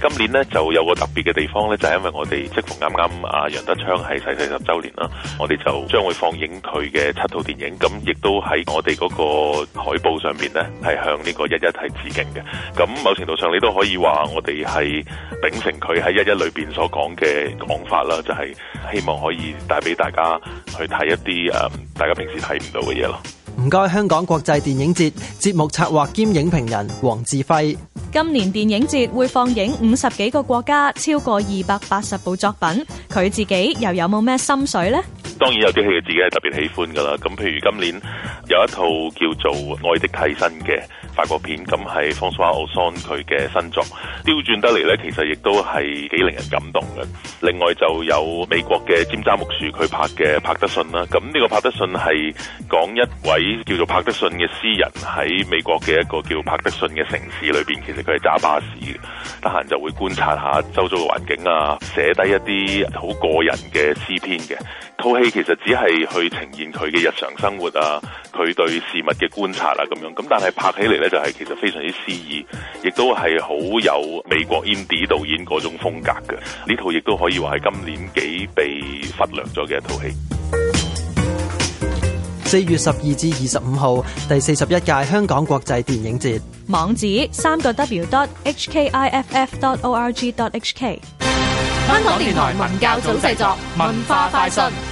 今年咧就有個特別嘅地方咧，就係、是、因為我哋即逢啱啱阿楊德昌喺逝世十週年啦，我哋就將會放映佢嘅七套電影，咁亦都喺我哋嗰個海報上邊咧，係向呢個一一係致敬嘅。咁某程度上，你都可以話我哋係秉承佢喺一一裏邊所講嘅講法啦，就係、是、希望可以帶俾大家去睇一啲誒，大家平時睇唔到嘅嘢咯。唔該，香港國際電影節節目策劃兼影評人黃志輝。今年電影節會放映五十幾個國家，超過二百八十部作品，佢自己又有冇咩心水呢？當然有啲戲，自己係特別喜歡噶啦。咁譬如今年。有一套叫做《愛的替身》嘅法國片，咁係 François Ozon 佢嘅新作，調轉得嚟呢，其實亦都係幾令人感動嘅。另外就有美國嘅《尖扎木樹》，佢拍嘅《帕德遜》啦。咁呢個《帕德遜》係講一位叫做帕德遜嘅詩人喺美國嘅一個叫帕德遜嘅城市裏邊，其實佢係揸巴士，得閒就會觀察下周遭嘅環境啊，寫低一啲好個人嘅詩篇嘅。套、這個、戲其實只係去呈現佢嘅日常生活啊。佢對事物嘅觀察啦，咁樣咁，但係拍起嚟咧就係其實非常之詩意，亦都係好有美國 Indy 導演嗰種風格嘅。呢套亦都可以話係今年幾被忽略咗嘅一套戲。四月十二至二十五號，第四十一屆香港國際電影節，網址，三個 W dot HKIFF dot org dot HK。K I F R、香港電台文教組製作，文化快訊。